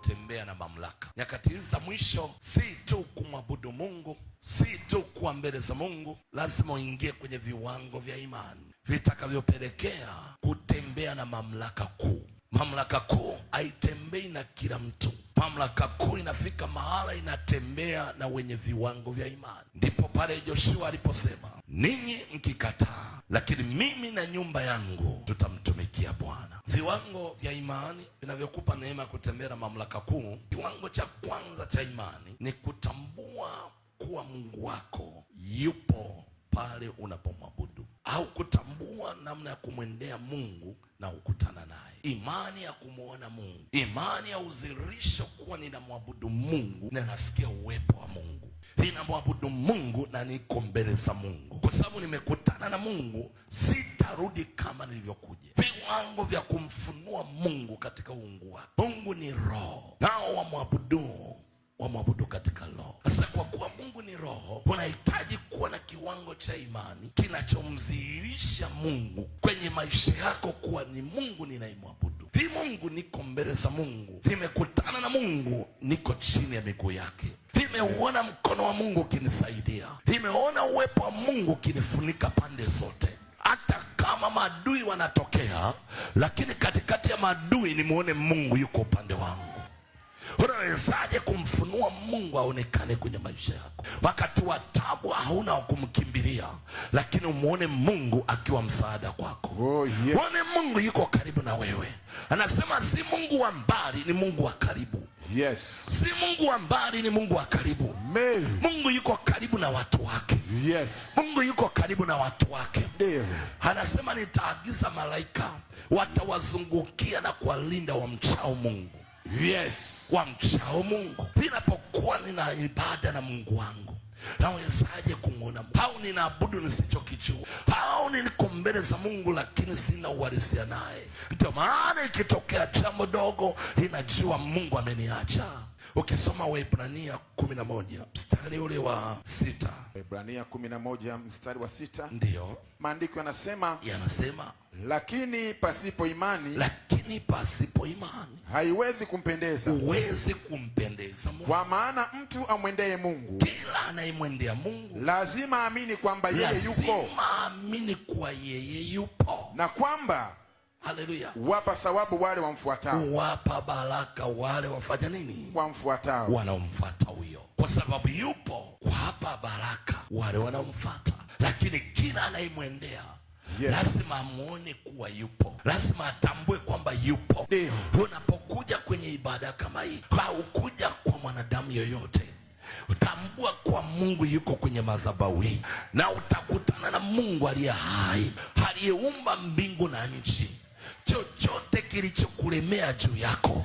kutembea na mamlaka. Nyakati hizi za mwisho, si tu kumwabudu Mungu, si tu kuwa mbele za Mungu, lazima uingie kwenye viwango vya imani vitakavyopelekea kutembea na mamlaka kuu. Mamlaka kuu haitembei na kila mtu. Mamlaka kuu inafika mahala inatembea na wenye viwango vya imani. Ndipo pale Joshua aliposema, ninyi mkikataa, lakini mimi na nyumba yangu tutamtumikia Bwana viwango vya imani vinavyokupa neema ya kutembea mamlaka kuu. Kiwango cha kwanza cha imani ni kutambua kuwa Mungu wako yupo pale unapomwabudu au kutambua namna ya kumwendea Mungu na kukutana naye. Imani ya kumwona Mungu, imani ya uzirisho kuwa ninamwabudu Mungu na nasikia uwepo wa Mungu ninamwabudu Mungu na niko mbele za Mungu kwa sababu nimekutana na Mungu, sitarudi kama nilivyokuja. Viwango vya kumfunua Mungu katika uungu wake. Mungu ni roho, nao wamwabudu wamwabudu katika roho. Sasa kwa kuwa Mungu ni roho, unahitaji kuwa na kiwango cha imani kinachomdhihirisha Mungu kwenye maisha yako, kuwa ni Mungu ninayemwabudu, hii Mungu, niko mbele za Mungu, nimekutana na Mungu, niko chini ya miguu yake. Nimeuona mkono wa Mungu ukinisaidia, nimeona uwepo wa Mungu ukinifunika pande zote, hata kama maadui wanatokea, lakini katikati ya maadui nimuone Mungu yuko upande wangu. Unawezaje kumfunua Mungu aonekane kwenye maisha yako? Wakati wa tabu hauna wa kumkimbilia, lakini umwone Mungu akiwa msaada kwako. Oh, yes. Mwone Mungu yuko karibu na wewe. Anasema si Mungu wa mbali, ni Mungu wa karibu. Yes. Si Mungu wa mbali, ni Mungu wa karibu. Amen. Mungu yuko karibu na watu wake. Yes. Mungu yuko karibu na watu wake. Ndio. Anasema nitaagiza malaika watawazungukia na kuwalinda wamchao Mungu. Yes, kwa mchao Mungu. Ninapokuwa nina ibada na Mungu wangu, nawezaje kumwona au ninaabudu nisichokijua au niko mbele za Mungu lakini sina uhalisia naye? Ndio maana ikitokea jambo dogo, ninajua Mungu ameniacha. Ukisoma Waebrania kumi na moja mstari ule wa sita Waebrania kumi na moja mstari wa sita ndiyo maandiko yanasema yanasema, lakini pasipo imani, lakini pasipo imani haiwezi kumpendeza, huwezi kumpendeza Mungu. Kwa maana mtu amwendeye Mungu, kila anayemwendea Mungu lazima aamini kwamba yeye yuko, lazima aamini kwa yeye yupo na kwamba Haleluya. Wapa thawabu wale wamfuatao. Wapa baraka wale wafanya nini? Wamfuatao. Wanaomfuata huyo. Kwa sababu yupo wapa baraka wale wanaomfuata. Lakini kila anayemwendea Yes. Lazima amwone kuwa yupo, lazima atambue kwamba yupo. unapokuja kwenye ibada kama hii, haukuja kwa mwanadamu yoyote, utambua kuwa Mungu yuko kwenye madhabahu hii, na utakutana na Mungu aliye hai, aliyeumba mbingu na nchi chochote kilichokulemea juu yako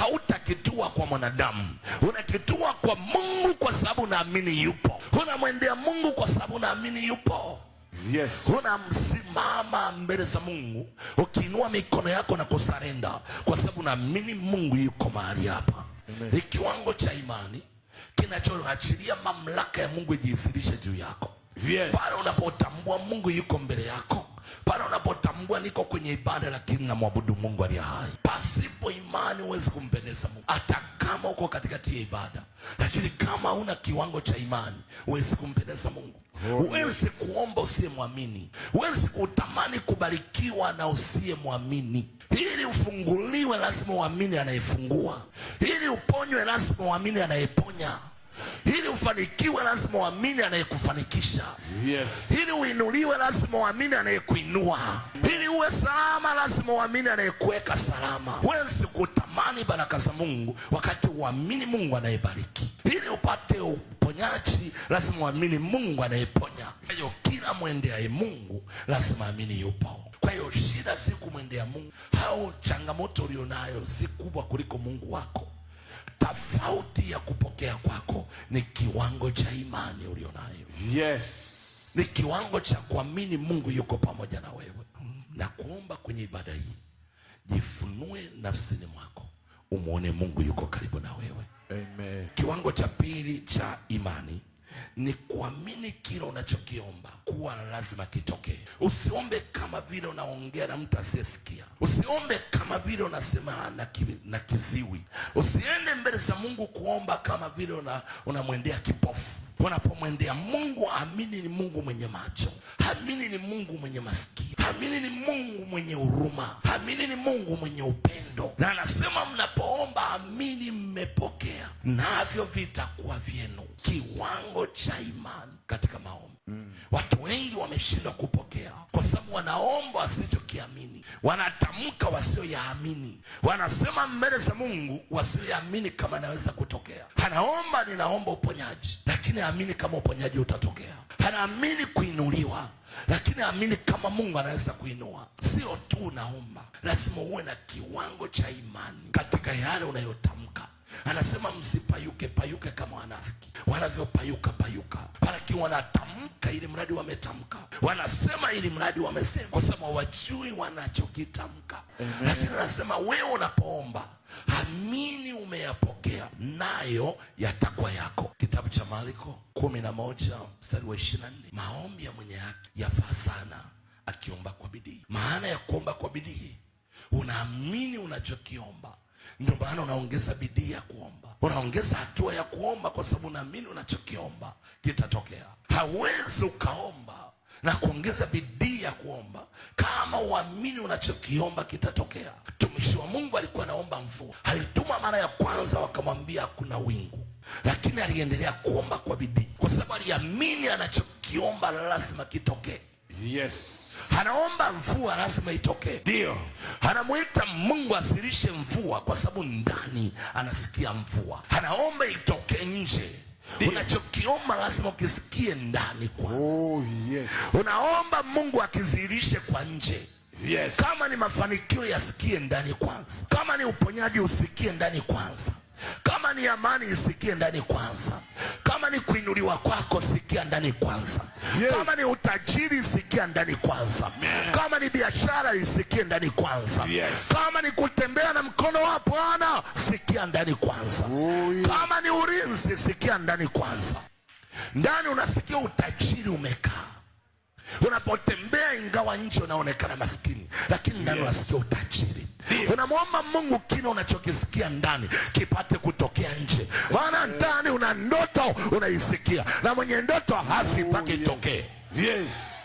hautakitua kwa mwanadamu, unakitua kwa Mungu kwa sababu naamini yupo. Unamwendea Mungu kwa sababu naamini yupo. Yes. Unamsimama mbele za Mungu ukiinua mikono yako na kusarenda kwa sababu naamini Mungu yuko mahali hapa. Ni kiwango cha imani kinachoachilia mamlaka ya Mungu ijiisirishe juu yako. Yes. Pale unapotambua Mungu yuko mbele yako, pale Natambua niko kwenye ibada, lakini namwabudu Mungu aliye hai. Pasipo imani huwezi kumpendeza Mungu, hata kama uko katikati ya ibada, lakini kama huna kiwango cha imani huwezi kumpendeza Mungu. Oh, huwezi kuomba usiyemwamini, huwezi kutamani kubarikiwa na usiyemwamini. Ili ufunguliwe, lazima uamini anayefungua. Ili uponywe, lazima uamini anayeponya ili ufanikiwe lazima uamini anayekufanikisha. Yes. Ili uinuliwe lazima uamini anayekuinua uwe salama, lazima uamini anayekuweka salama. Huwezi kutamani baraka za Mungu wakati uamini Mungu anayebariki. Ili upate uponyaji, lazima uamini Mungu anayeponya. Kwa hiyo kila mwendeaye Mungu lazima amini yupo. Kwa hiyo shida si kumwendea Mungu au changamoto ulionayo si kubwa kuliko Mungu wako. Tofauti ya kupokea kwako ni kiwango cha imani ulionayo. Yes, ni kiwango cha kuamini Mungu yuko pamoja na wewe na kuomba kwenye ibada hii, jifunue nafsini mwako, umwone Mungu yuko karibu na wewe Amen. Kiwango cha pili cha imani ni kuamini kile unachokiomba kuwa lazima kitokee. Usiombe kama vile unaongea na mtu asiyesikia, usiombe kama vile unasema na, ki, na kiziwi. Usiende mbele za Mungu kuomba kama vile unamwendea una kipofu. Unapomwendea Mungu, amini ni Mungu mwenye macho, amini ni Mungu mwenye masikio Amini ni Mungu mwenye huruma, amini ni Mungu mwenye upendo, na anasema mnapoomba amini mmepokea, navyo vitakuwa vyenu. Kiwango cha imani katika maombi mm wameshindwa kupokea, kwa sababu wanaomba wasichokiamini, wanatamka wasioyaamini, wanasema mbele za Mungu wasioyaamini kama anaweza kutokea. Anaomba, ninaomba uponyaji, lakini aamini kama uponyaji utatokea. Anaamini kuinuliwa lakini amini kama Mungu anaweza kuinua. Sio tu unaomba, lazima uwe na kiwango cha imani katika yale unayotamka. Anasema msipayuke payuke kama wanafiki wanavyopayuka payuka, lakini wanatamka ili mradi wametamka, wanasema ili mradi wamesema, kwa sababu hawajui wanachokitamka. Lakini anasema wewe unapoomba amini umeyapokea, nayo yatakwa yako. Kitabu cha maliko kumi na moja mstari wa ishirini na nne. Maombi ya mwenye haki yafaa sana akiomba kwa bidii. Maana ya kuomba kwa bidii, unaamini unachokiomba ndio maana unaongeza bidii ya kuomba, unaongeza hatua ya kuomba, kwa sababu unaamini unachokiomba kitatokea. Hawezi ukaomba na kuongeza bidii ya kuomba kama uamini unachokiomba kitatokea. Mtumishi wa Mungu alikuwa anaomba mvua, alituma mara ya kwanza, wakamwambia hakuna wingu, lakini aliendelea kuomba kwa bidii, kwa sababu aliamini anachokiomba lazima kitokee. Yes anaomba mvua lazima itokee, ndio anamwita Mungu asilishe mvua, kwa sababu ndani anasikia mvua anaomba itokee nje. Unachokiomba lazima ukisikie ndani kwanza. Oh, yes. Unaomba Mungu akizirishe kwa nje. Yes. Kama ni mafanikio yasikie ndani kwanza, kama ni uponyaji usikie ndani kwanza. Kama ni amani isikie ndani kwanza. Kama ni kuinuliwa kwako sikia ndani kwanza. Kama ni utajiri sikia ndani kwanza. Kama ni biashara isikie ndani kwanza. Kama ni kutembea na mkono wa Bwana sikia ndani kwanza. Oh, Kama ni ulinzi sikia ndani kwanza. Ndani unasikia utajiri umekaa. Unapotembea, ingawa nje unaonekana maskini, lakini ndani unasikia utajiri. Unamwomba Mungu kile unachokisikia ndani kipate kutokea nje. Maana ndani una ndoto unaisikia, na mwenye ndoto hasi mpaka oh, itokee. Yes.